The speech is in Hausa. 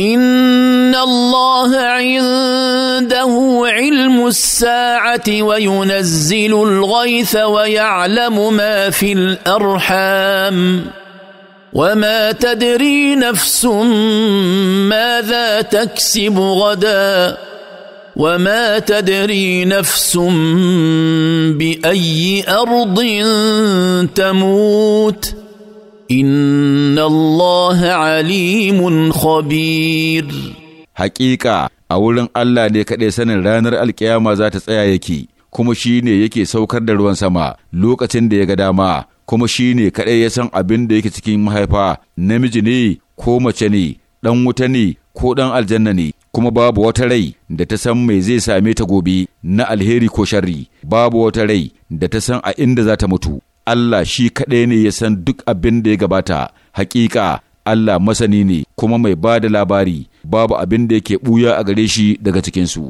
ان الله عنده علم الساعه وينزل الغيث ويعلم ما في الارحام وما تدري نفس ماذا تكسب غدا وما تدري نفس باي ارض تموت إن الله عليم Haƙiƙa, a wurin Allah ne kaɗai sanin ranar alkiyama za ta tsaya yake kuma shi ne yake saukar da ruwan sama lokacin da ya ga dama kuma shi ne kaɗai ya san abin da yake cikin mahaifa namiji ne ko mace ne ɗan wuta ne ko ɗan aljanna ne kuma babu wata rai da ta san mai zai same ta gobe na alheri ko sharri babu wata rai da ta san a inda za ta mutu Allah shi kaɗai ne ya san duk abin da ya gabata, hakika Allah masani ne kuma mai ba da labari, babu abin da yake ɓuya a gare shi daga cikinsu.